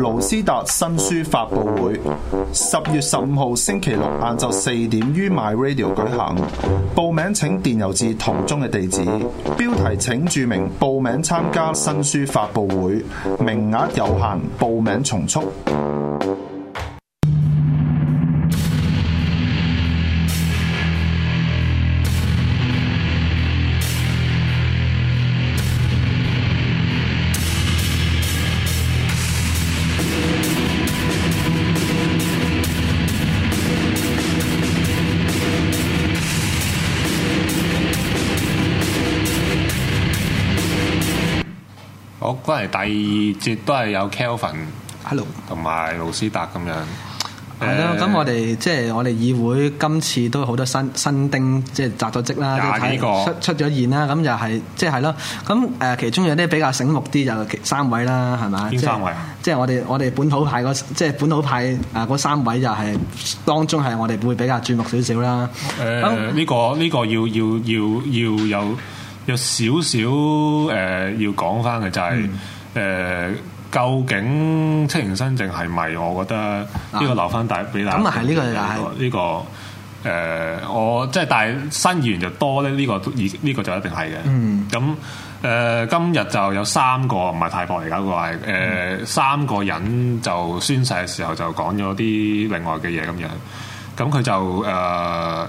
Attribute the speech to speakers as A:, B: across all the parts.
A: 盧斯達新書發佈會，十月十五號星期六晏晝四點於 MyRadio 舉行。報名請電郵至圖中嘅地址，標題請註明報名參加新書發佈會，名額有限，報名重速。第二節都係有 Calvin，Hello，同埋盧斯達咁樣，係咯。咁、 嗯嗯、我
B: 哋即係我哋議會今次都好多新新丁，即係擲咗職啦，出出咗現啦。咁又係即係咯。咁誒、就是就是，其中有啲比較醒目啲、就是，就三位啦，係咪？邊三位即係我哋我哋本土派嗰，即、就、係、是、本土派誒嗰、呃、三位、就是，就係當中係我哋會比較注目少少啦。
A: 誒、嗯，呢個呢個要要要要有有少少誒，要講翻嘅就係。誒、呃，究竟青年新政係咪？我覺得呢個留翻大俾大。咁啊，係呢、這個，係呢個、就是這個。誒、呃，我即係但係新議員就多咧，呢、這個已呢、這個就一定係嘅。嗯。咁誒、呃，今日就有三個唔係太薄嚟噶，個係誒三個人就宣誓嘅時候就講咗啲另外嘅嘢咁樣。咁佢就誒。呃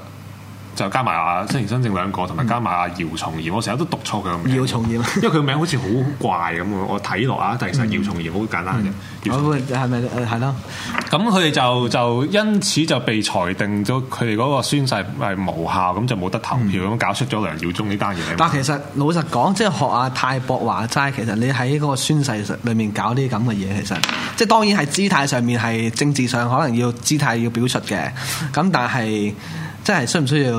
A: 就加埋阿、啊，青年新政兩個，同埋加埋阿、啊、姚松炎。嗯、我成日都讀錯佢個名姚松重炎， 因為佢個名好似好怪咁我睇落啊，嗯、但其實姚松炎好簡單嘅。我係咪係咯？咁佢哋就就因此就被裁定咗，佢哋嗰個宣誓係無效，咁就冇得投票，咁搞出咗梁耀忠呢單嘢。但其
B: 實老實講，即係學阿、啊、泰博話齋，其實你喺嗰個宣誓裡面搞啲咁嘅嘢，其實即係當然係姿態上面係政治上可能要姿態要表述嘅，咁但係。即係需唔需要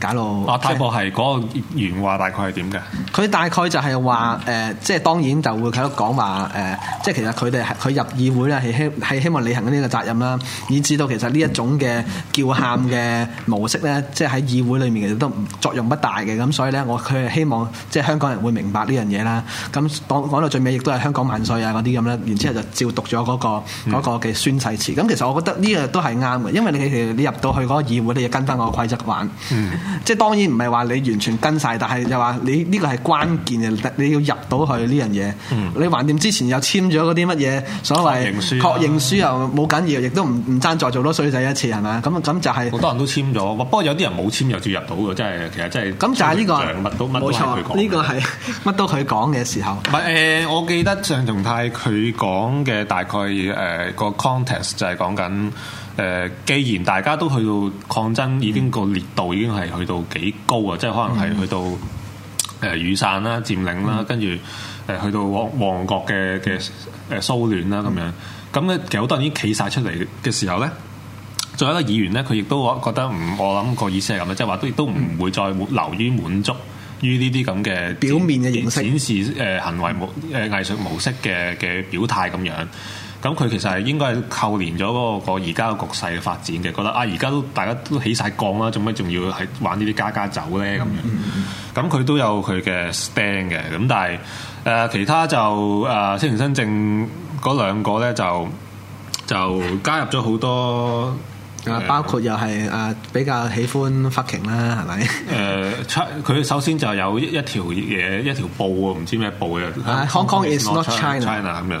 B: 搞到？啊，泰伯係嗰個原話大概係點嘅？佢大概就係話誒，即係當然就會喺度講話誒，即係其實佢哋佢入議會咧係希係希望履行呢個責任啦，以至到其實呢一種嘅叫喊嘅模式咧，嗯、即係喺議會裏面其實都作用不大嘅，咁所以咧我佢希望即係香港人會明白呢樣嘢啦。咁講講到最尾亦都係香港萬歲啊嗰啲咁啦，然後之後就照讀咗嗰、嗰個嘅、嗯、宣誓詞。咁其實我覺得呢個都係啱嘅，因為你你入到去嗰個議會，你就跟翻個規則玩，嗯、即係當然唔係話你完全跟晒，但係又話你呢個係關鍵嘅，嗯、你要入到去呢樣嘢。嗯、你還掂之前有簽咗嗰啲乜嘢所謂確認書，確認書又冇緊要，亦都唔唔爭再做多衰
A: 仔一次係嘛？咁咁就係好多人都簽咗，不過有啲人冇簽又至入到嘅，即係其實真係咁、嗯、就係、是、呢、這個乜都冇錯，呢個係乜都佢講嘅時候。唔係、呃、我記得鄭松泰佢講嘅大概誒、呃、個 context 就係講緊。誒、呃，既然大家都去到抗爭，已經個烈度已經係去到幾高啊！嗯、即係可能係去到誒雨傘啦、佔領啦，跟住誒去到旺旺角嘅嘅誒騷亂啦咁樣。咁咧、嗯呃，其實好多人已經企晒出嚟嘅時候咧，仲有、嗯、一個議員咧，佢亦都覺得唔，我諗個意思係咁啊，即係話都亦都唔會再流於滿足於呢啲咁嘅表面嘅形式、展示誒行為模誒藝術模式嘅嘅表態咁樣。咁佢其實係應該係扣連咗嗰個而家個局勢嘅發展嘅，覺得啊而家都大家都起晒降啦，做乜仲要係玩家家呢啲家家酒咧咁樣？咁佢、嗯嗯、都有佢嘅 stand 嘅，咁但係誒、呃、其他就誒青年新政嗰兩個咧就就加入咗好多，呃、包括又係誒、呃、比較喜歡 fucking 啦，係咪、呃？誒佢 首先就有一條嘢一條布喎，唔知咩布嘅。Hong Kong、啊、is not China 咁樣。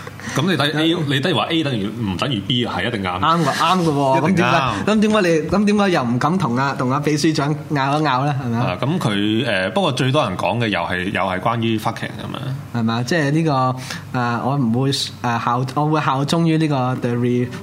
A: 咁你睇 A，你即係話 A 等於唔等於 B 係一定啱。啱嘅，啱嘅喎。咁點解？
B: 咁點解你？咁點解又唔敢同阿同阿秘書長拗一拗咧？係咪
A: 啊？咁佢誒，不過最多人講嘅又係又係關於 fucking 嘅
B: 嘛。係嘛？即係呢個誒，我唔會誒考，我會考忠於呢個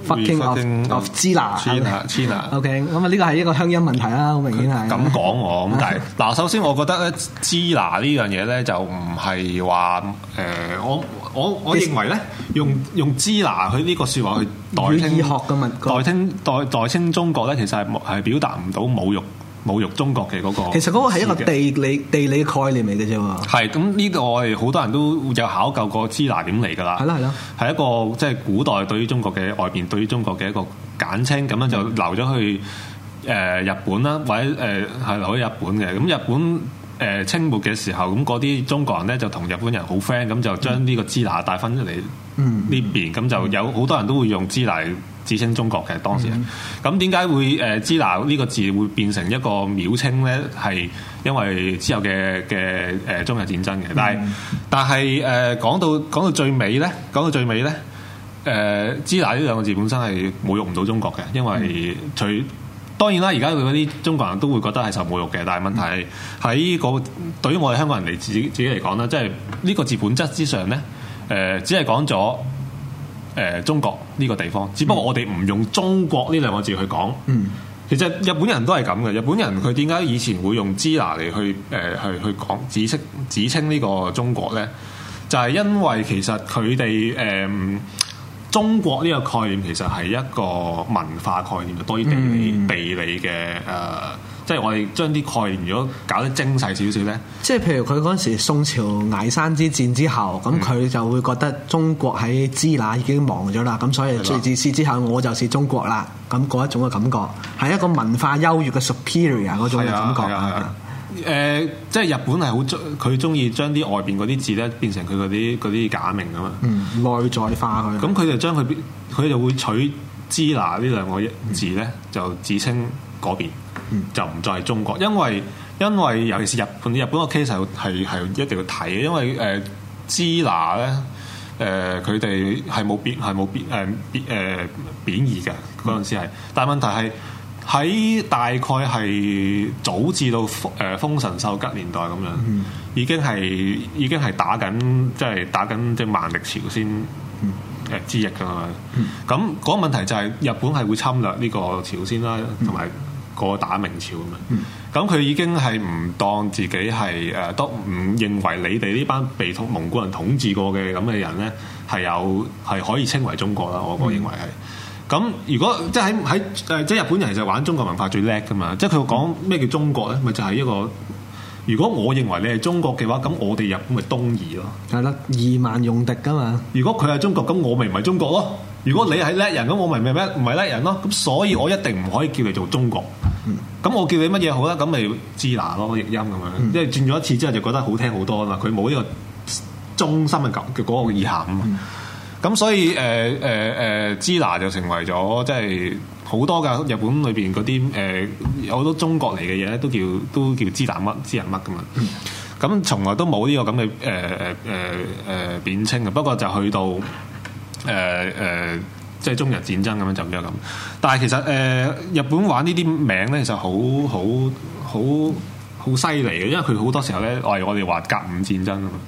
B: fucking of z i OK，咁啊，呢個係一個鄉音問題啦，好明顯係。咁
A: 講我咁大嗱，首先我覺得咧 z i 呢樣嘢咧就唔係話誒我。我我認為咧，用用支那佢呢個説話去代稱學代稱代代稱中國咧，其實係係表達唔到侮辱侮辱中國嘅嗰個。其實嗰個係一個地
B: 理地理概念嚟嘅啫。嘛。
A: 係咁呢個，我哋好多人都有考究過支那點嚟㗎喇。係啦係啦，係一個即係、就是、古代對於中國嘅外邊對於中國嘅一個簡稱，咁樣就留咗去誒、呃、日本啦，或者誒係留喺日本嘅咁日本。誒清末嘅時候，咁嗰啲中國人呢，就同日本人好 friend，咁就將呢個支那帶翻出嚟呢邊，咁、嗯嗯、就有好多人都會用支那自稱中國嘅當時人。咁點解會誒支、呃、那呢個字會變成一個蔑稱呢？係因為之後嘅嘅誒中日戰爭嘅。但係、嗯、但係誒、呃、講到講到最尾呢，講到最尾呢，誒、呃、支那呢兩個字本身係侮辱唔到中國嘅，因為佢。嗯當然啦，而家佢嗰啲中國人都會覺得係受侮辱嘅，但係問題喺、個對於我哋香港人嚟自自己嚟講咧，即係呢個字本質之上呢，誒、呃、只係講咗誒中國呢個地方，只不過我哋唔用中國呢兩個字去講。
B: 嗯、
A: 其實日本人都係咁嘅，日本人佢點解以前會用「支那」嚟、呃、去誒去去講指稱指稱呢個中國呢？就係、是、因為其實佢哋誒。呃中國呢個概念其實係一個文化概念，多於地理、嗯、地理嘅誒、呃，即係我哋將啲概念如果搞得精細少少呢，嗯、
B: 即係譬如佢嗰時宋朝崖山之戰之後，咁佢、嗯、就會覺得中國喺支那已經亡咗啦，咁所以最自私之後的我就是中國啦，咁嗰一種嘅感覺係一個文化優越嘅 superior 嗰種嘅感覺。
A: 誒、呃，即係日本係好中，佢中意將啲外邊嗰啲字咧變成佢嗰啲啲假名㗎嘛。嗯，樣內
B: 在化佢。咁
A: 佢就將佢，佢、嗯、就會取支那呢兩個字咧，嗯、就指稱嗰邊，嗯、就唔再係中國。因為因為尤其是日本啲日本個 case 係係一定要睇，嘅，因為誒支、呃、那咧誒，佢哋係冇別係冇別誒誒貶義嘅嗰陣時係，但問題係。喺大概係早至到誒豐臣秀吉年代咁樣，已經係已經係打緊，即係打緊即係萬曆朝鮮誒之役噶嘛。咁嗰、嗯個問題就係日本係會侵略呢個朝鮮啦，同埋、嗯、嗰個打明朝咁樣。咁佢、嗯、已經係唔當自己係誒，都、呃、唔認為你哋呢班被蒙古人統治過嘅咁嘅人咧，係有係可以稱為中國啦。我個認為係。嗯嗯咁如果即喺喺誒即日本人其實玩中國文化最叻噶嘛，即佢會講咩叫中國咧，咪就係、是、一個如果我認為你係中國嘅話，咁我哋日本咪東夷咯。係啦，二萬用敵噶嘛。如果佢係中國，咁我咪唔係中國咯。如果你係叻人，咁我咪咪咩唔係叻人咯。咁所以我一定唔可以叫你做中國。咁、嗯、我叫你乜嘢好咧？咁咪支那咯，譯音咁樣。即、嗯、轉咗一次之後就覺得好聽好多啊嘛。佢冇呢個中心嘅感、嗯，叫嗰個意涵啊嘛。咁所以誒誒誒，支、呃呃呃、拿就成為咗即係好多嘅日本裏邊嗰啲誒，好、呃、多中國嚟嘅嘢咧，都叫都叫支那乜支人乜咁嘛。咁從來都冇呢、這個咁嘅誒誒誒誒貶稱嘅。不過就去到誒誒、呃，即係中日戰爭咁樣就咁樣咁。但係其實誒、呃，日本玩呢啲名咧，其實好好好好犀利嘅，因為佢好多時候咧，我哋我哋話甲午戰爭啊嘛。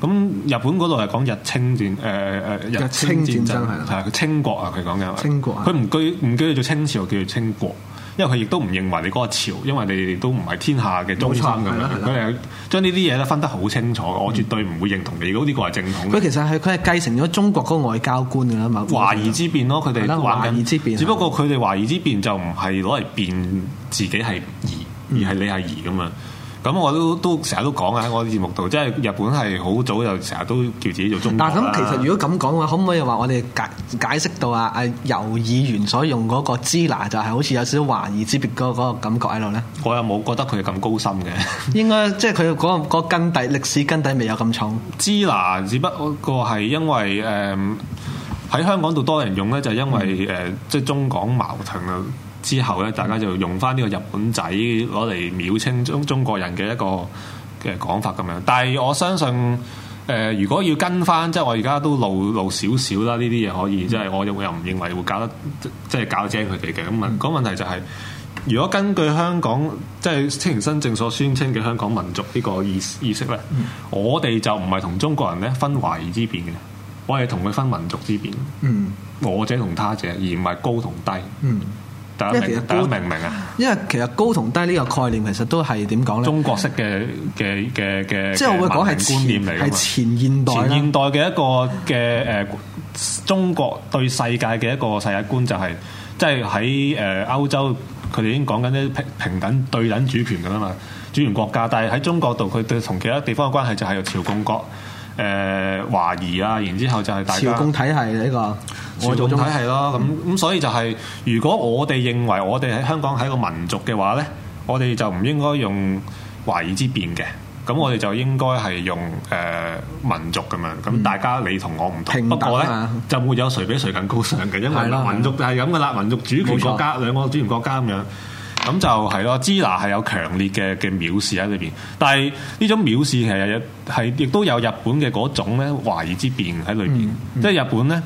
A: 咁日本嗰度係講日清戰誒誒、呃、日清戰爭係啊，係清國啊，佢講嘅，清國佢唔叫唔叫做清朝，叫做清國，因為佢亦都唔認為你嗰個朝，因為你哋都唔係天下嘅中心咁樣，佢哋將呢啲嘢，咧分得好清楚，嗯、我絕對唔會認同你。如果呢個係正統，佢其實
B: 係佢係繼承咗中國嗰個外交官嘅啦，嘛。華夷
A: 之辯咯，佢哋華夷之辯，只不過佢哋華夷之辯就唔係攞嚟辯自己係夷，而係你係夷噶嘛。嗯咁我都常常都成日都講啊！喺我節目度，即係日本係好早就成日都叫自己做中華啦。但咁其實如果
B: 咁講嘅話，可唔可以話我哋解解釋到啊？啊，游議員所用嗰個支那就係好似有少少華夷之別嗰個感覺喺度咧。
A: 我又冇覺得佢咁高深嘅。
B: 應該即係佢嗰個根底歷史根底未有咁重。
A: 支那只不過係因為誒喺、呃、香港度多人用咧，就係、是、因為誒、嗯呃、即係中港矛盾啊。之後咧，嗯、大家就用翻呢個日本仔攞嚟秒稱中中國人嘅一個嘅講法咁樣。但係我相信，誒、呃，如果要跟翻，即係我而家都露露少少啦。呢啲嘢可以，即係、嗯、我又又唔認為會搞得即係搞得佢哋嘅咁問。個問題就係、是，如果根據香港即係青年新政所宣稱嘅香港民族呢個意意識咧，嗯、我哋就唔係同中國人咧分華夷之別嘅，我係同佢分民族之別。嗯，我者同他者，而唔係高同低。嗯。因為其實高明唔明啊？因為其實高同低呢個概念其實都係點講咧？中國式嘅嘅嘅嘅，即係我會講係前，前
B: 現代，前現
A: 代嘅一個嘅誒、呃，中國對世界嘅一個世界觀就係、是，即係喺誒歐洲，佢哋已經講緊啲平等、對等、主權咁啊嘛，主權國家。但係喺中國度，佢對同其他地方嘅關係就係有朝貢國，誒華夷啊，然之後就係大家朝貢
B: 體系呢、這個。我統體係咯，咁咁
A: 所以就係，如果我哋認為我哋喺香港係一個民族嘅話咧，我哋就唔應該用華夷之辨嘅，咁我哋就應該係用誒民族咁樣，咁大家你同我唔同，不過咧就沒有誰比誰更高尚嘅，因為民族就係咁噶啦，民族主權國家兩個主權國家咁樣，咁就係咯。支那係有強烈嘅嘅藐視喺裏邊，但係呢種藐視其實係亦都有日本嘅嗰種咧華夷之辨喺裏邊，即係日本咧。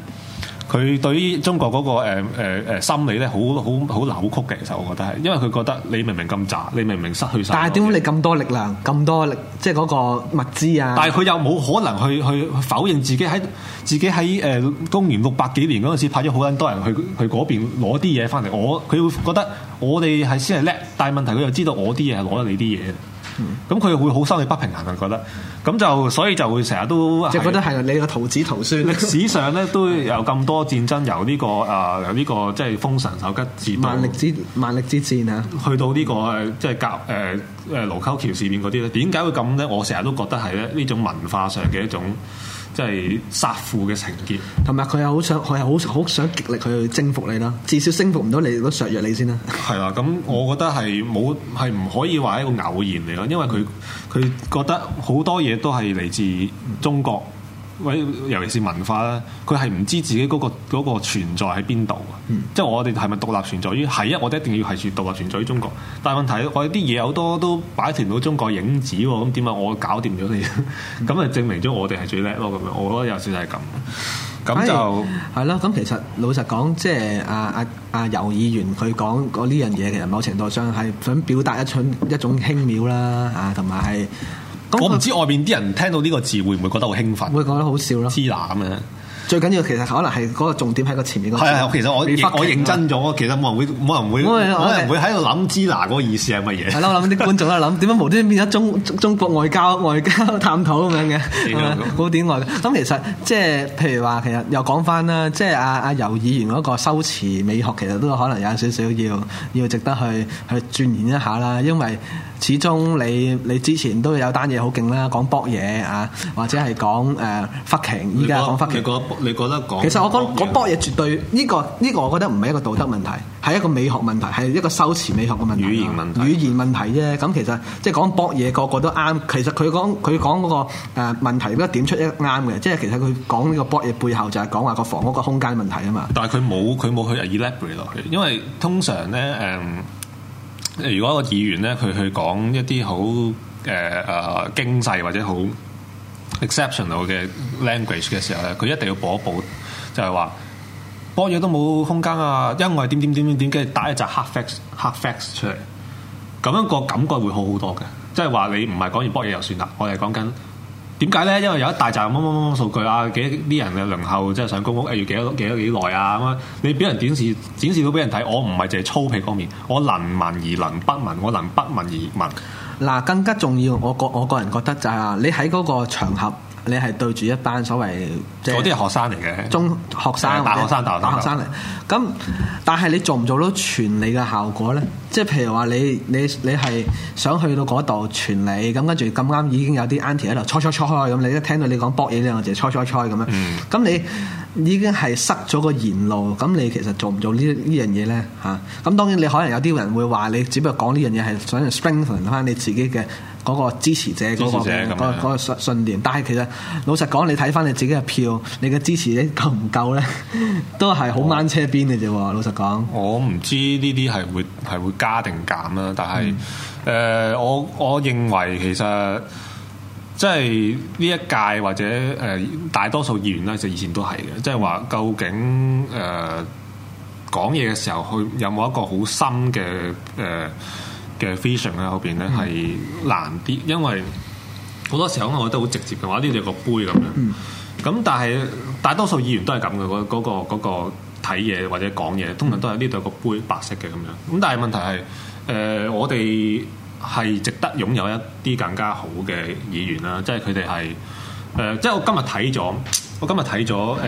A: 佢對於中國嗰、那個誒誒、呃呃、心理咧，好好好扭曲嘅。其實我覺得係，因為佢覺得你明明咁渣，你明明失去晒。但係點解你
B: 咁多力量、咁多力，即係嗰個物資啊？但係佢
A: 又冇可能去去否認自己喺自己喺誒、呃、公元六百幾年嗰陣時，派咗好多人去去嗰邊攞啲嘢翻嚟。我佢會覺得我哋係先係叻，但係問題佢又知道我啲嘢係攞得你啲嘢。咁佢會好心理不平衡，覺得咁就所以就會成日都即係覺得係你個徒子徒孫。歷史上咧都有咁多戰爭，由呢、這個誒由呢個即係豐臣秀吉、戰萬曆之萬曆之戰嚇、啊，去到呢、這個即係隔誒誒盧溝橋事變嗰啲咧，點解會咁咧？我成日都覺得係咧呢種文化上嘅一種。即係殺父嘅情結，
B: 同埋佢係好想，佢係好好想極力去征服你啦。至少征服唔到你，都削弱
A: 你先啦。係啦， 咁我覺得係冇，係唔可以話係一個偶然嚟咯。因為佢佢覺得好多嘢都係嚟自中國。喂，尤其是文化啦，佢係唔知自己嗰、嗰個嗰個存在喺邊度，即係我哋係咪獨立存在於係啊？我哋一定要係住獨立存在於中國，但係問題，我哋啲嘢好多都擺脱唔到中國影子喎，咁點解我搞掂咗你？咁咪證明咗我哋係最叻咯？咁樣，我覺得、 嗯、有時就係咁，咁就係啦。咁其實老實講，即係阿阿阿游議員佢
B: 講呢樣嘢，其實某程度上係想表達一種一種輕蔑啦，啊，同埋係。
A: 那我唔知外邊啲人聽到呢個字會唔會覺得好興奮？會覺得好笑咯。支那咁樣，
B: 最緊要其實可
A: 能係嗰個重點喺個前面嗰個、啊。其實我我認真咗，其實冇人會冇人會冇人會喺度諗支那嗰個意思係乜嘢？係咯想，我
B: 諗啲觀眾都係諗點解無端端變咗中中國外交外交探討咁樣嘅古典外交。咁其實即係譬如話，其實又講翻啦，即係阿阿游議員嗰個修辭美學，其實都可能有少少要要值得去去鑽研一下啦，因為。始終你你之前都有單嘢好勁啦，講搏嘢啊，或者係講誒 fucking，依家講 fucking。講你覺
A: 得？你覺得講？其實我
B: 講講搏嘢絕對呢個呢個，這個、我覺得唔係一個道德問題，係一個美學問題，係一個修辭美學嘅問題語言問題。語言問題啫，咁其實即係講搏嘢，個個都啱。其實佢講佢講嗰個誒問題，都係點出一啱嘅。即係其實佢講呢個搏嘢背後就係講話個房屋個空間問題啊嘛。
A: 但係佢冇佢冇去 elaborate 落去，因為通常咧誒。嗯如果個議員咧，佢去講一啲好誒誒經濟或者好 exceptional 嘅 language 嘅時候咧，佢一定要補一補就，就係話波嘢都冇空間啊，因為點點點點點，跟住打一扎黑 a f a c f a 出嚟，咁樣個感覺會好好多嘅。即係話你唔係講完波嘢就算啦，我係講緊。點解咧？因為有一大紮乜乜乜數據啊，幾啲人嘅輪候，即係上公屋誒，要幾多幾多幾耐啊咁啊？你俾人展示展示到俾人睇，我唔係淨係粗鄙方面，我能聞而能不聞，我能不聞而聞嗱，更加重要。我
B: 個我個人覺得就係啊，你喺嗰個場合。你係對住一班所謂，嗰啲係學生嚟嘅中學生、大的學生、大學生嚟。咁但係你做唔做到傳理嘅效果咧？即係譬如話你你你係想去到嗰度傳理，咁跟住咁啱已經有啲 auntie 喺度，菜菜菜咁，你一聽到你講博嘢之我就菜菜菜咁樣。咁你已經係塞咗個言路，咁你其實做唔做呢呢樣嘢咧？嚇、啊，咁當然你可能有啲人會話你，只不過講呢樣嘢係想 strengthen 翻你自己嘅。嗰個支
A: 持者嗰、嗰個嗰、嗰個信
B: 信念，但係其實老實講，你睇翻你自己嘅票，你嘅支持者夠唔夠咧，都係好掹車邊嘅啫喎。老實講、嗯
A: 呃，我唔知呢啲係會係會加定減啦。但係誒，我我認為其實即係呢一屆或者誒、呃、大多數議員咧，就以前都係嘅，即係話究竟誒講嘢嘅時候，佢有冇一個好深嘅誒？呃嘅 fashion 喺後邊咧係難啲，嗯、因為好多時候，我覺得好直接嘅話呢度有個杯咁樣。咁、嗯、但係大多數議員都係咁嘅，嗰、那個睇嘢、那個那個、或者講嘢，通常都係呢度有個杯白色嘅咁樣。咁但係問題係，誒、呃，我哋係值得擁有一啲更加好嘅議員啦，即係佢哋係，誒、呃、即、就、係、是、我今日睇咗，我今日睇咗誒誒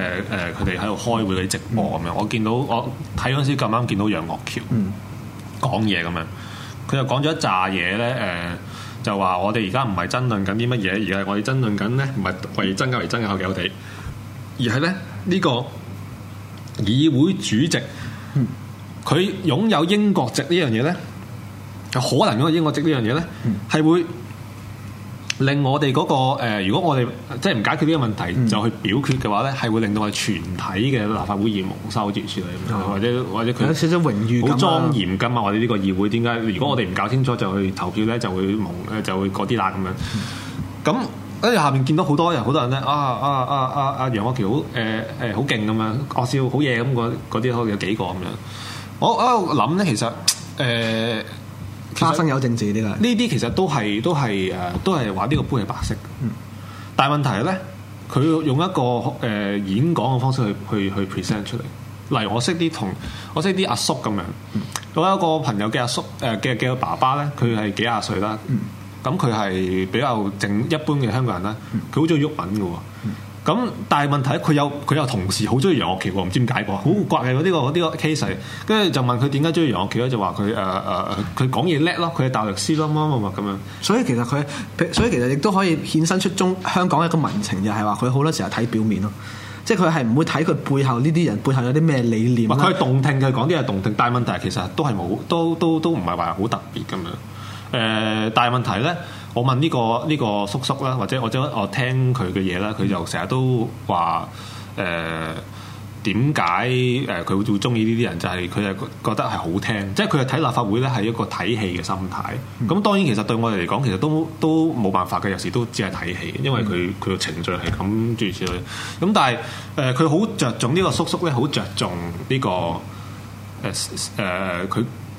A: 佢哋喺度開會嗰直播咁樣。嗯、我見到我睇嗰陣時咁啱見到楊岳橋講嘢咁樣。嗯佢又講咗一紮嘢咧，誒、呃、就話我哋而家唔係爭論緊啲乜嘢，而係我哋爭論緊咧，唔係為爭鳩而爭鳩嘅我哋，而係咧呢個議會主席，佢擁有英國籍呢樣嘢咧，佢可能擁有英國籍呢樣嘢咧，係、嗯、會令我哋嗰、那個、呃、如果我哋即係唔解決呢個問題，嗯、就去表決嘅話咧，係會令到我哋全體嘅立法會議員蒙羞之處嚟，或者、嗯、或者佢有少
B: 少榮譽好莊嚴
A: 噶嘛，我哋呢個議會點解？如果我哋唔搞清楚就去投票咧，就會蒙就會嗰啲啦咁樣。咁跟、嗯、下面見到好多人，好多人咧啊啊啊啊！楊岳橋好誒誒，好勁咁樣，惡、啊、笑好嘢咁嗰啲，可能有幾個咁樣、啊。我啊諗咧，其實誒。呃呃花生有政治啲噶，呢啲其實都係都係誒，都係話呢個杯係白色。嗯，但問題咧，佢用一個誒演講嘅方式去去去 present 出嚟。例如我識啲同我識啲阿叔咁樣，我有一個朋友嘅阿叔誒嘅嘅爸爸咧，佢係幾廿歲啦。嗯，咁佢係比較正一般嘅香港人啦。佢好中意喐品㗎喎。嗯嗯咁，但係問題，佢有佢有同事好中意楊岳橋喎，唔知點解喎，好怪嘅嗰啲個 case。跟住就問佢點解中意楊岳橋咧，就、呃、話佢誒誒佢講嘢叻咯，佢係大律師咯，乜乜咁樣所，所以其實佢，
B: 所以其實亦都可以衍生出中香港一個民情就係話佢好多時候睇表面咯，即係佢係唔會睇佢背後呢啲人背後有啲咩理念。佢係
A: 動聽嘅，講啲嘢動聽，但係問題其實都係冇，都都都唔係話好特別咁樣。誒、呃，但係問題咧。我問呢個呢個叔叔啦，或者我將我聽佢嘅嘢啦，佢就成日都話誒點解誒佢會中意呢啲人？就係佢係覺得係好聽，即係佢係睇立法會咧係一個睇戲嘅心態。咁、嗯、當然其實對我哋嚟講，其實都都冇辦法嘅，有時都只係睇戲，因為佢佢嘅程序係咁諸如此類。咁但係誒佢好着重呢個叔叔咧，好着重呢個誒誒佢。呃呃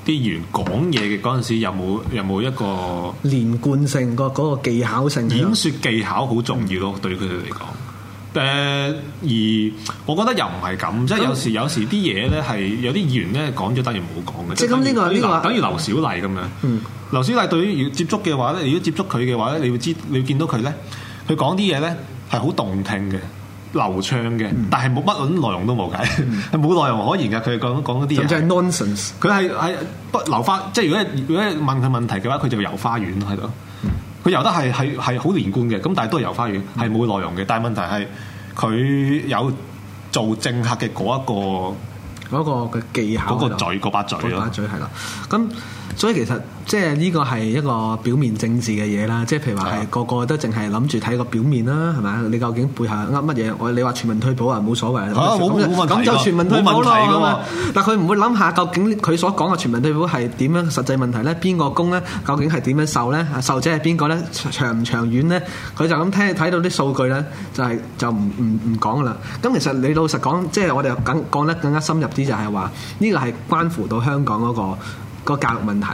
A: 啲員講嘢嘅嗰陣時，有冇有冇一個連貫性？個嗰個技巧性演說技巧好重要咯，對佢哋嚟講。誒，而我覺得又唔係咁，即係有時有時啲嘢咧係有啲議員咧講咗，等於冇講嘅。即係咁呢個呢個，等於劉小麗咁樣。嗯，劉小麗對於接觸嘅話咧，如果接觸佢嘅話咧，你會知你會見到佢咧，佢講啲嘢咧係好動聽嘅。流暢嘅，但係冇乜論內容都冇計，係冇、嗯、 內容可言嘅。佢講講嗰啲嘢，就係 nonsense。佢係係不流花，即係如果如果問佢問題嘅話，佢就遊花園喺度。佢遊得係係係好連貫嘅，咁但係都係遊花園，係冇、嗯、內容嘅。但係問題係佢有做政客嘅嗰一個嗰個嘅技巧，嗰個嘴嗰把嘴嗰把嘴係啦。
B: 咁的。所以其實即係呢個係一個表面政治嘅嘢啦，即係譬如話係個個個都淨係諗住睇個表面啦，係咪？你究竟背後噏乜嘢？我你話全民退保啊，冇所謂咁就全民退保冇問題嘅嘛。但佢唔會諗下究竟佢所講嘅全民退保係點樣實際問題呢？邊個供呢？究竟係點樣受呢？受者係邊個呢？長唔長遠呢？佢就咁聽睇到啲數據呢，就係、是、就唔唔唔講㗎啦。咁其實你老實講，即、就、係、是、我哋緊講得更加深入啲，就係話呢個係關乎到香港嗰、嗰個。個教育問題，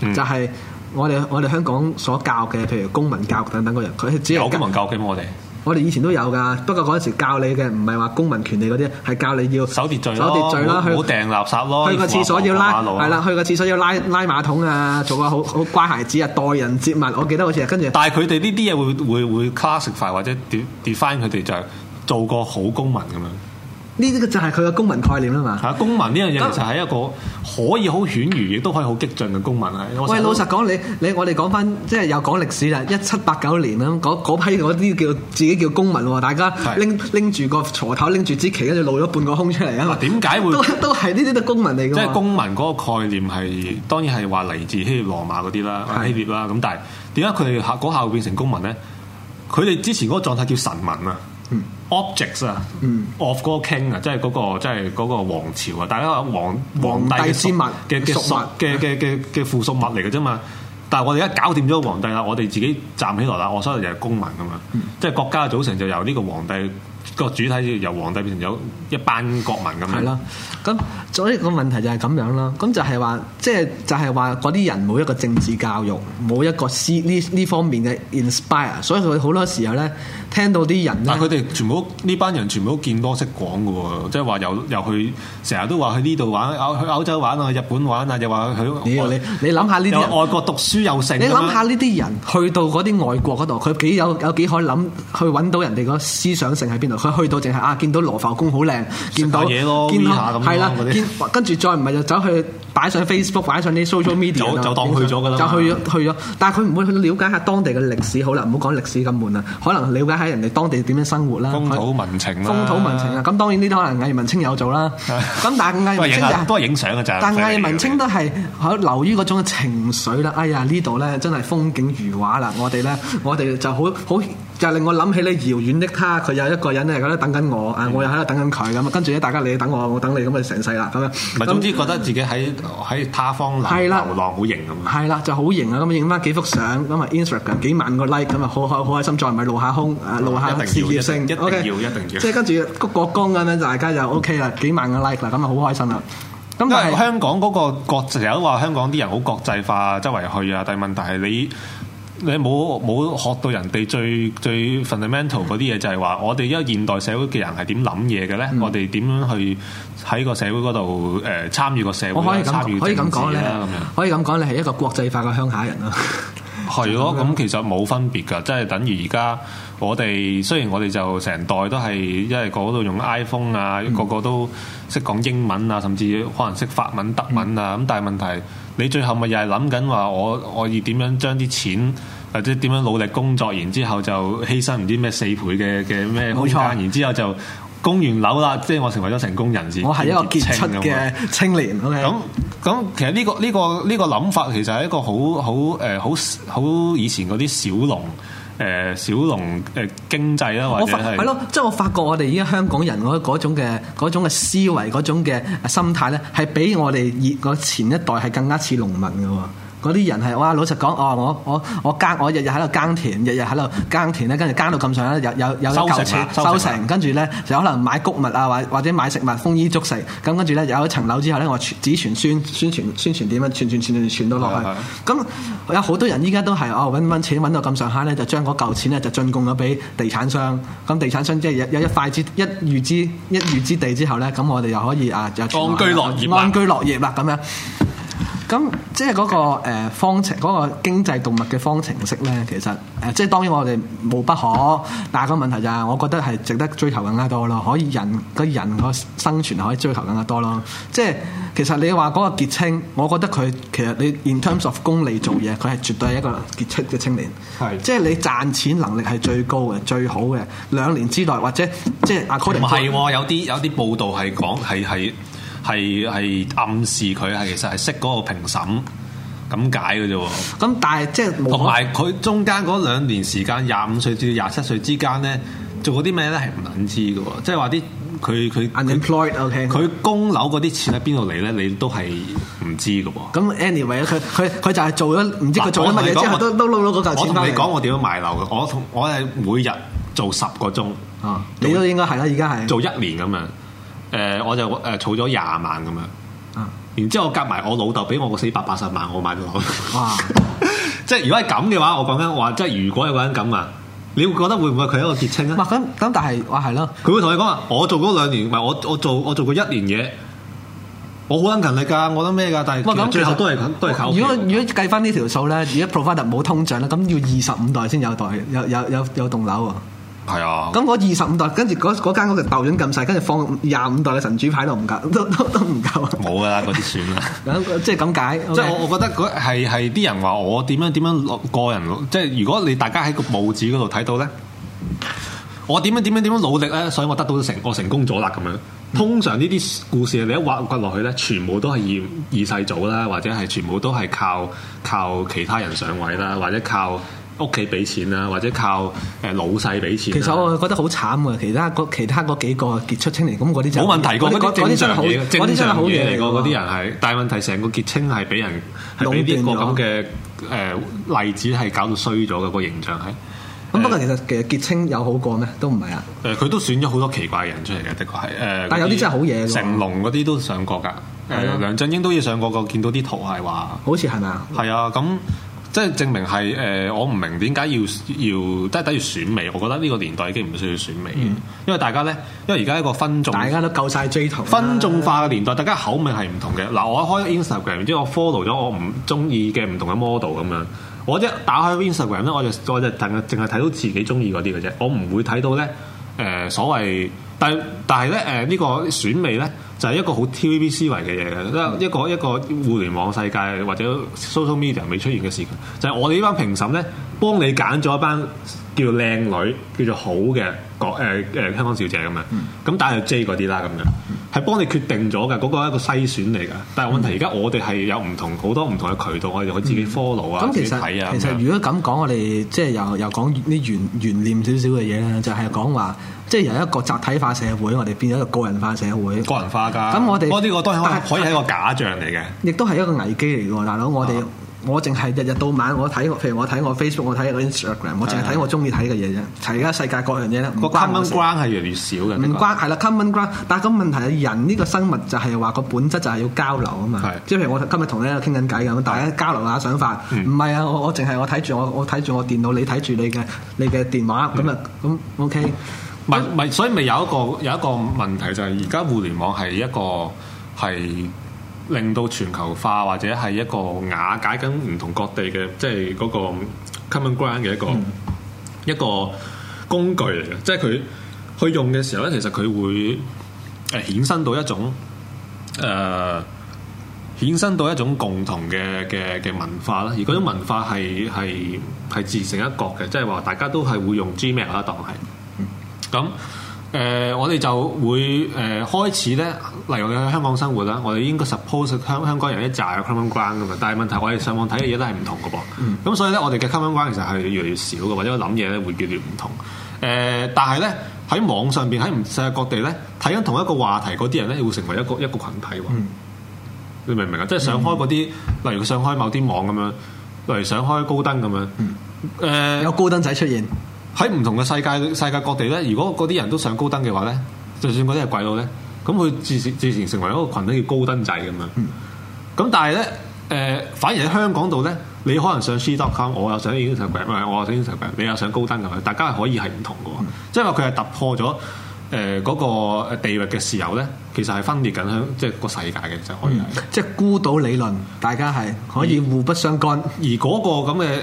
B: 嗯、就係我哋我哋香港所教嘅，譬如公民教育等等嗰人，佢只有公民教育我哋。我哋以前都有噶，不過嗰時教你嘅唔係話公民權利嗰啲，係教你要守秩序咯，守秩序咯，唔好掟垃圾咯，去個廁所要拉，係啦，去個廁所要拉拉馬桶啊，做個好好乖孩子啊，待 人接物。我記得好似跟住。 但係佢
A: 哋呢啲嘢會會會 classify 或者 define 佢哋就係做個好公民咁樣。呢啲就係佢個公民概念啊嘛，係公民呢樣嘢就係一個可以好犬儒，亦都可以好激進嘅公民啊。喂，實老實講，你你我哋講翻，即係有講歷史啦，一七
B: 八九年啦，嗰批我啲叫自己叫公民喎，大家拎拎住個鋤頭，拎住支旗，跟住露咗半個胸出嚟啊嘛，點解、啊、會都都係呢啲都公民嚟嘅？即係公
A: 民嗰個概念係當然係話嚟自希臘羅馬嗰啲啦，是希臘啦咁，但係點解佢哋下嗰下會變成公民咧？佢哋之前嗰個狀態叫神民啊。嗯、objects 啊，of 嗰 king 啊、嗯那個，即係嗰個即係嗰個王朝啊，大家話皇皇帝之物嘅嘅嘅嘅嘅附屬物嚟嘅啫嘛。但係我哋而家搞掂咗皇帝啦，我哋自己站起來啦，我所有就係公民㗎嘛，嗯、即係國家嘅組成就由呢個皇帝、呢個主體由皇帝變成有一班國民咁樣。係啦、嗯，
B: 咁、啊、所以個問題就係咁樣啦。咁就係話，即係就係話嗰啲人冇一個政治教育，冇一個思呢呢方面嘅
A: inspire，所以佢好多時候咧。聽到啲人呢，但佢哋全部呢班人全部都見多識廣嘅喎，即係話又又去成日都話去呢度玩，去歐洲玩啊，去日本玩啊，又話喺你你你諗下呢啲，有外國讀書又成。你諗下呢啲人，你諗下呢啲人去到嗰啲外國
B: 嗰度，佢幾有有幾可以諗去揾到人哋個思想性喺邊度？佢去到淨係啊，見到羅浮宮好靚，見到嘢咯，見下咁，係啦的，跟住再唔係就走去。擺上 Facebook，擺上啲 social media 就就當去咗噶啦，就去咗去咗。但係佢唔會去了解下當地嘅歷史，好啦，唔好講歷史咁悶啦。可能了解下人哋當地點樣生活啦，風土民情啦。風土民情啊，咁當然呢啲可能藝文青有做啦。咁 但係藝文青都係
A: 影相嘅咋。但係藝文
B: 青都係留流於嗰種情緒啦。哎呀，呢度咧真係風景如畫啦！我哋咧，我哋就好好。就令我諗起咧遙遠的他，佢有一個人咧喺度等緊我，啊的，我又喺度等緊佢咁啊，跟住咧大家你等我，我等你咁啊，成世啦咁樣，總之覺得自
A: 己喺喺、嗯、他
B: 方流浪的流浪好型咁。係啦，就好型啊，咁影翻幾幅相，咁啊 Instagram 幾萬個 like，咁啊好開好開心，再唔係露下胸、啊，露下事業性，一定要一定要。
A: 定即係
B: 跟住個國光咁樣，大家就 OK 啦，嗯、幾萬個 like 啦，咁啊好開心啦。
A: 咁但係香港嗰個國際話，香港啲人好國際化，周圍去啊，但係問題係你。你冇冇學到人哋最最 fundamental 嗰啲嘢，就係話我哋依家現代社會嘅人係點諗嘢嘅咧？嗯、我哋點樣去喺個社會嗰度誒參與個社會、啊？可以參與政治啦、啊、咁樣，樣，
B: 可以咁講，你係一個國際化嘅鄉下人啊。
A: 係咯 這的，咁其實冇分別噶，即、就、係、是、等於而家我哋雖然我哋就成代都係因為嗰度用 iPhone 啊，個、嗯、個都識講英文啊，甚至可能識法文、德文啊，咁、嗯、但係問題。你最後咪又係諗緊話我我要點樣將啲錢或者點樣努力工作，然之後就犧牲唔知咩四倍嘅嘅咩空間，冇錯。然之後就供完樓啦，即係我成為咗成功人士。我係一個傑出嘅青年。咁咁樣 Okay. 其實呢、呢個呢、呢個呢、呢個諗法其實係一個好好誒好好以前嗰啲小龍。誒、呃、小農誒、呃、經濟啦，或者係係咯，即係我，、就
B: 是、我發覺我哋而家香港人嗰種嘅嗰種嘅思維嗰種嘅心態咧，係比我哋二前一代係更加似農民嘅喎。嗰啲人係哇！老實講，哦、啊，我我我耕，我日日喺度耕田，日日喺度耕田咧，跟住耕到咁上下，有有有舊錢收成，跟住咧就可能買谷物啊，或者 analogy, 或，或者買食物，豐衣足食。咁跟住咧有一層樓之後咧，我子傳孫，孫傳孫傳點啊？傳傳傳傳到落去。咁有好多人依家都係哦，揾蚊錢揾到咁上下咧，就將嗰舊錢咧就進貢咗俾地產商。咁地產商即係有有一塊之一預之一預支地之後咧，咁我哋又可以啊，安居樂業，安居樂業啦咁樣。咁即係嗰個方程嗰、嗰個經濟動物嘅方程式咧，其實誒、呃、即係當然我哋無不可，但係個問題就係，我覺得係值得追求更加多咯。可以人個人個生存可以追求更加多咯。即係其實你話嗰個傑青，我覺得佢其實你 in terms of 功利做嘢，佢係絕對係一個傑出嘅青年。係是，即係你賺錢能力係最高嘅、最好嘅。兩年之內或者即係阿，唔係、哦、
A: 有啲有啲報道係講係係。係係暗示佢係其實係識嗰個評審咁解嘅啫。咁但係即係同埋佢中間嗰兩年時間，廿五歲至廿七歲之間咧，做嗰啲咩咧係唔肯知嘅。即係話啲佢佢 Unemployed okay，佢佢供樓嗰啲錢喺邊度嚟咧？你都係唔知嘅噃。咁 anyway，佢佢佢就係做咗唔知佢做咗乜嘢之後都都攞
B: 到嗰嚿錢。我同你講我
A: 點樣賣樓嘅，我同我係每日做十個鐘。啊，你都應該係啦，而家係做一年咁樣。誒 我就誒儲咗廿萬咁樣，然之後我夾埋我老豆俾我個四百八十萬，我買咗。哇！即係如果係咁嘅話，我講緊話，即係如果有個人咁啊，你會覺得會唔會佢一個結清啊？咁咁，但係話係咯，佢會同你講話，我做嗰兩年唔係我我做我做過一年嘢，我好撚勤力㗎，我諗咩㗎，但係最後都係咁都係靠。如果
B: 說如果計翻呢條數咧，而家 profit 冇通脹咧，咁要二十五代先有代有有有有棟樓啊！係啊，咁我二十五代，跟住嗰間屋就豆樣咁細，跟住放廿五代嘅神主牌都唔夠，都都都
A: 唔夠。冇啊， 嗰啲算啦。
B: 即係咁解，即係我，我
A: 覺得嗰係啲人話我點樣點樣落個人，即係如果你大家喺個報紙嗰度睇到咧，我點樣點樣點樣努力咧，所以我得到成我成功咗啦咁樣。通常呢啲故事你一挖掘落去咧，全部都係二二世祖啦，或者係全部都係靠靠其他人上位啦，或者靠。屋企俾錢啦，或者靠誒老細俾錢。其實
B: 我覺得好慘啊！其他嗰其他嗰幾個傑出青年，
A: 咁嗰啲就冇問題。嗰嗰啲真係好正常嘢嚟㗎。嗰啲人係，但係問題成個傑青係俾人用俾啲咁嘅誒例子係搞到衰咗嘅個形象係。
B: 咁不過其實其實傑青有好過咩？都唔係啊。
A: 誒，佢都選咗好多奇怪嘅人出嚟嘅，的確係誒。但係有啲真係好嘢。成龍嗰啲都上過㗎。梁振英都要上過嘅。見到啲圖係話，好似係咪啊？係啊，咁。即係證明係誒、呃，我唔明點解要要，即係等於選美。我覺得呢個年代已經唔需要選美，嗯、因為大家咧，因為而家一個分眾，大家都夠晒追頭。分眾化嘅年代，大家口味係唔同嘅。嗱，我一開 Instagram，即係我 follow 咗我唔中意嘅唔同嘅 model 咁樣，我一打開 Instagram 咧，我就我就淨係淨係睇到自己中意嗰啲嘅啫，我唔會睇到咧誒、呃、所謂，但但係咧誒呢、呃呢個選美咧。就係一個好 TVB 思維嘅嘢嘅，就是、一個、嗯、一個互聯網世界或者 social media 未出現嘅事情，就係、是、我哋呢班評審咧幫你揀咗一班叫做靚女，叫做好嘅國誒香港小姐咁樣，咁但係 J 嗰啲啦咁樣，係幫你決定咗嘅嗰個一個篩選嚟嘅。但係問題而家我哋係有唔同好多唔同嘅渠道，我哋可以自己 follow 啊，自己睇啊其實,其實樣如
B: 果咁講，我哋即係又又講啲懸懸念少少嘅嘢咧，就係、是、講話。即係由一個集體化社會，我哋變咗一個個人化社會。個人化㗎，咁我哋，我呢
A: 個當然可以係一個假象嚟嘅，
B: 亦都係一個危機嚟嘅，大佬。我哋我淨係日日到晚，我睇，譬如我睇我 Facebook，我睇我 Instagram，我淨係睇我中意睇嘅嘢啫。係而家世界各樣嘢咧，個 common ground
A: 係越嚟越少嘅。唔關
B: 係啦，common ground，但係咁問題係人呢個生物就係話個本質就係要交流啊嘛。即係譬如我今日同你喺度傾緊偈咁，大家交流下想法，唔係啊，我我淨係我睇住我我睇住我電腦，你睇住你嘅
A: 你嘅電話，咁啊咁 OK。咪咪，所以咪有一個有一個問題就係而家互聯網係一個係令到全球化或者係一個瓦解緊唔同各地嘅，即係個 common ground 嘅一個、嗯、一個工具嚟嘅。即係佢去用嘅時候咧，其實佢會誒衍生到一種誒、呃、衍生到一種共同嘅嘅嘅文化啦。而嗰種文化係係係自成一國嘅，即係話大家都係會用 Gmail 啦，當係。咁誒、呃，我哋就會誒、呃、開始咧。例如喺香港生活啦，我哋應該 suppose 香香港人一寨 common ground 噶嘛。但係問題我、嗯，我哋上網睇嘅嘢都係唔同嘅噃。咁所以咧，我哋嘅 common ground 其實係越嚟越少嘅，或者我諗嘢咧會越嚟越唔同。誒、呃，但係咧喺網上邊喺唔世界各地咧睇緊同一個話題嗰啲人咧，會成為一個一個羣體。嗯、你明唔明啊？即係上開嗰啲，嗯、例如上開某啲網咁樣，例如上開高登咁樣，誒、嗯呃、有高登仔出現。喺唔同嘅世界世界各地咧，如果嗰啲人都上高登嘅話咧，就算嗰啲係鬼佬咧，咁佢自前自前成，成為一個群體叫高登仔咁樣。咁、嗯、但係咧，誒、呃、反而喺香港度咧，你可能上 C.com，我又上 Instagram，唔係我又上 Instagram 你又上高登咁樣，大家係可以係唔同嘅喎。即係話佢係突破咗誒嗰個地域嘅時候咧。其實係分裂緊喺即係個世界嘅就
B: 可以、嗯，即係孤島理論，大家係
A: 可以互不相干。而嗰個咁嘅誒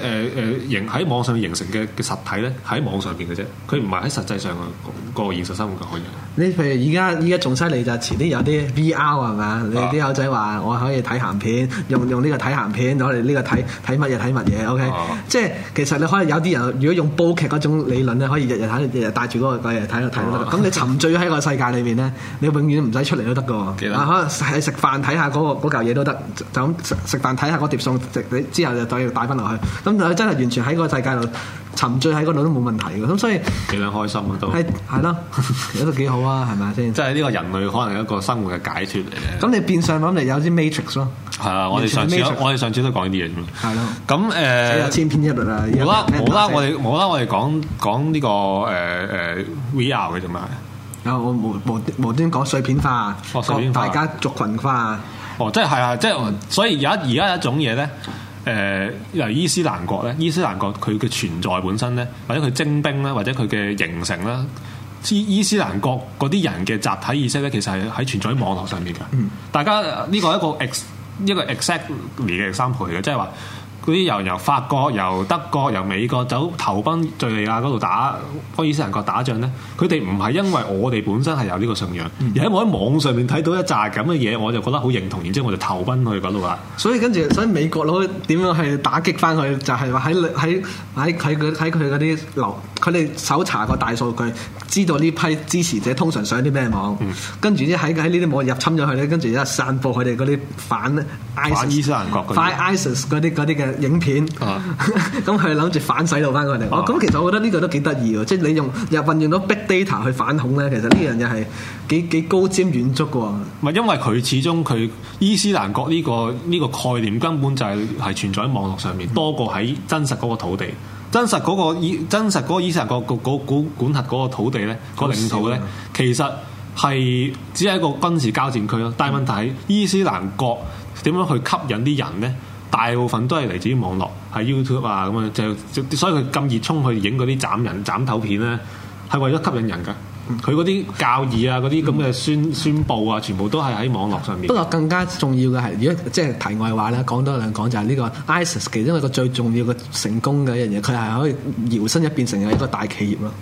A: 誒形喺網上形成嘅嘅實體咧，喺網上邊嘅啫，佢唔係喺實際上個個現實生活嘅可以。
B: 你譬如而家而家仲犀利就遲啲有啲 VR 係嘛？啊、你啲友仔話我可以睇鹹片，用用呢個睇鹹片攞嚟呢個睇睇乜嘢睇乜嘢 OK、啊即。即係其實你可以有啲人如果用煲劇嗰種理論咧，可以日日喺日日帶住嗰、嗰個嘅睇嚟睇咁你沉醉喺個世界裏面咧，你永遠唔使出嚟都得噶，乎啊看看、那個、可能喺食飯睇下嗰個嗰嚿嘢都得，就咁食食飯睇下嗰碟餸，食完之後就再帶翻落去。咁就真係完全喺個世界度沉醉喺嗰度都冇問題嘅。咁所以
A: 幾撚開心啊都係
B: 係咯，其實都幾好啊，係咪先？即係呢個
A: 人類可能有一個生活嘅解脫嚟嘅。咁你
B: 變相諗嚟，有啲 Matrix 咯。
A: 係啊，我哋上次、啊、我哋上次都講呢啲嘢啫嘛。係咯的。咁誒，呃、有千
B: 篇一律啊。冇啦冇啦，法法我哋
A: 冇啦，我哋講我講呢、呢個誒誒 VR 嘅啫嘛。呃呃啊啊啊
B: 啊！我 無無無端
A: 講碎片化，講、哦、大家族群化。哦，即係係啊，即係所以有一而家有一種嘢咧，誒、呃，由伊斯蘭國咧，伊斯蘭國佢嘅存在本身咧，或者佢徵兵咧，或者佢嘅形成咧，伊伊斯蘭國嗰啲人嘅集體意識咧，其實係喺存在喺網絡上面嘅。嗯，大家呢個一個 ex 一個 exactly 嘅三倍嘅，即係話。嗰啲由由法國、由德國、由美國走投奔敍利亞嗰度打波伊斯蘭國打仗咧，佢哋唔係因為我哋本身係有呢個信仰，嗯、而喺我喺網上面睇到一紮咁嘅嘢，我就覺得好認同，然之後我就投奔去嗰度啦。所以跟住，
B: 所以美國佬點樣去打擊翻佢？就係話喺喺喺佢喺佢嗰啲樓。佢哋搜查個大數據，知道呢批支持者通常上啲咩網，嗯、跟住咧喺喺呢啲網入侵咗佢，咧，跟住咧散播佢哋嗰啲反伊斯蘭國、反 ISIS 嗰啲嗰啲嘅影片。咁佢諗住反洗腦翻佢哋。咁、啊、其實我覺得呢個都幾得意喎，啊、即係你用又運用到 big data 去反恐咧，其實呢樣嘢係幾幾高瞻遠矚嘅喎。
A: 唔係因為佢始終佢伊斯蘭國呢、呢個呢、呢個概念根本就係、係、係存在喺網絡上面，多過喺真實嗰個土地。真實嗰個伊，真實嗰個伊斯蘭國嗰嗰管管轄嗰個土地咧，個領土咧，其實係只係一個軍事交戰區咯。但係問題係，伊斯蘭國點樣去吸引啲人咧？大部分都係嚟自於網絡，喺 YouTube 啊咁樣就，所以佢咁熱衷去影嗰啲斬人斬頭片咧，係為咗吸引人㗎。佢嗰啲教義啊，嗰啲咁嘅宣宣佈啊，全部都係喺網絡上面。不過
B: 更加重要嘅係，如果即係題外話咧，講多兩講就係、是、呢個 ISIS，IS 其中一個最重要嘅成功嘅一樣嘢，佢係可以搖身一變成為一個大企業咯。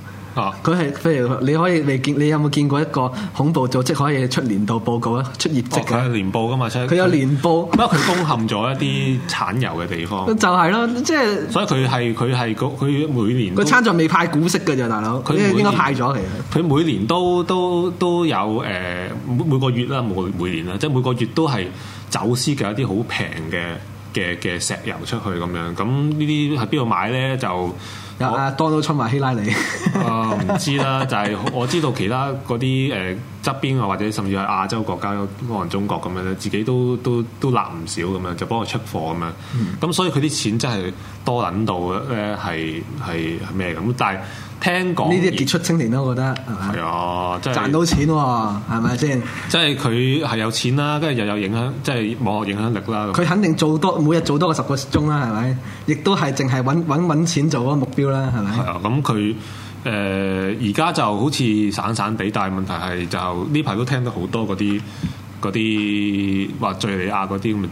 B: 佢係譬如，你可以未見，你有冇見過一個恐怖組織
A: 可以出年度報告咧？出業績嘅？哦、年報噶嘛？佢有年報，因為佢攻陷咗一啲產油嘅地方。
B: 就係咯，即係。
A: 所以佢係佢係佢每年個餐桌未派股息嘅咋大佬？佢應該派咗嚟。佢每年都都都有誒每、呃、每個月啦，每每年啦，即係每個月都係走私嘅一啲好平嘅嘅嘅石油出去咁樣。咁呢啲喺邊度買咧就？阿多都出埋希拉里、嗯，唔 知啦，就係、是、我知道其他嗰啲誒側邊啊，或者甚至係亞洲國家，可能中國咁樣咧，自己都都都攬唔少咁樣，就幫佢出貨咁樣，咁、嗯、所以佢啲錢真係多捻到咧，係係咩咁？但係。聽講呢啲傑出青年咯，我覺得係啊，即係、賺到錢喎、啊，係咪先？即係佢係有錢啦、啊，跟住又有影響，即係網絡影響力啦、啊。佢
B: 肯定做多，每日做多個十個鐘啦、啊，係咪？亦都係淨係揾揾揾錢做嗰個目標啦，
A: 係咪？係啊，咁佢誒而家就好似散散地，但係問題係就呢排都聽到好多嗰啲嗰啲話敍利亞嗰啲咁誒誒誒，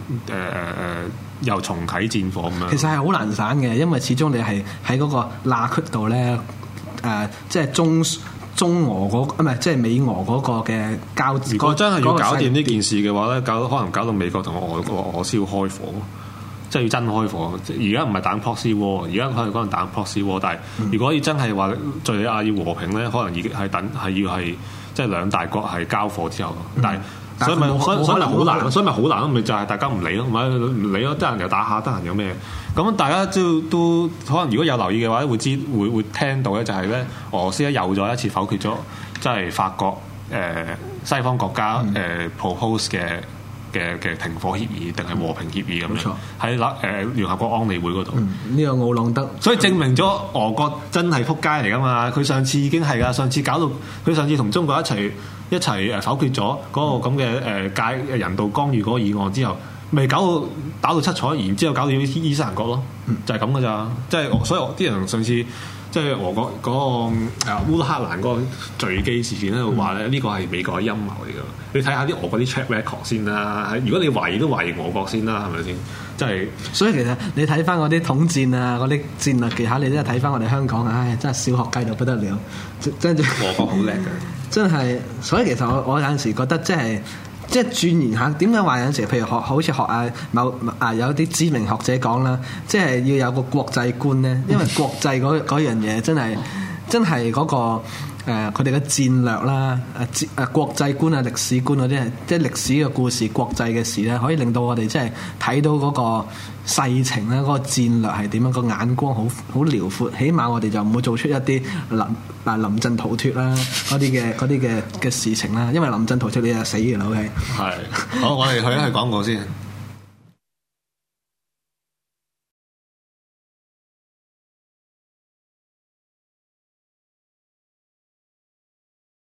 A: 又重啟戰火咁樣。其實
B: 係好難散嘅，因為始終你係喺嗰個罅隙度咧。誒、呃，即係中中俄嗰、嗰個，唔係即係美俄嗰個嘅交戰。如果真係要搞掂呢
A: 件事嘅話咧，嗯、搞可能搞到美國同俄國，俄先要開火，即係要真開火。而家唔係打 proxy war，而家可能講係打 proxy war，但係如果要真係話最起碼要和平咧，可能已經係等係要係即係兩大國係交火之後，嗯、但係。嗯所以咪，可可以所以，可可以所以咪好難，可可以所以咪好難咯，咪就係大家唔理咯，唔理咯，得閒又打下，得閒有咩？咁大家都都可能如果有留意嘅話，會知會會聽到咧，就係咧，俄羅斯咧又再一次否決咗，即、就、係、係、法國誒、呃、西方國家誒 propose 嘅嘅嘅停火協議，定係和平協議咁樣喺嗱誒聯合國安理會嗰度。呢個、嗯、奧朗德，所以證明咗俄國真係撲街嚟噶嘛？佢上次已經係噶，上次搞到佢上次同中國一齊。一齊誒，否決咗嗰個咁嘅誒介人道干預嗰個議案之後，咪搞到打到七彩，然之後搞到伊斯蘭國咯，嗯、就係咁嘅咋，即係所以啲人上次即係俄國嗰個烏克蘭嗰個墜機事件咧，話咧呢個係美國嘅陰謀嚟嘅，你睇下啲俄國啲 track record 先啦，如果你懷疑都懷疑俄國先啦，係咪先？即係
B: 所以其實你睇翻嗰啲統戰啊，嗰啲戰略技巧，你都係睇翻我哋香港，唉、哎，真係小學雞到不得了，真係俄 國好叻㗎。真係，所以其實我我有陣時覺得即係即係轉言下點解話有陣時，譬如好學好似學啊某啊有啲知名學者講啦，即係要有個國際觀咧，因為國際嗰嗰樣嘢真係真係嗰個。誒佢哋嘅戰略啦，誒戰誒國際觀啊、歷史觀嗰啲係，即係歷史嘅故事、國際嘅事咧，可以令到我哋即係睇到嗰個世情咧，嗰、嗰個戰略係點樣，嗰個眼光好好遼闊，起碼我哋就唔會做出一啲臨啊臨陣逃脫啦嗰啲嘅啲嘅嘅事情啦，因為臨陣逃脫你啊死嘅啦，O K。係、
A: okay？好， 我哋去一去廣告先。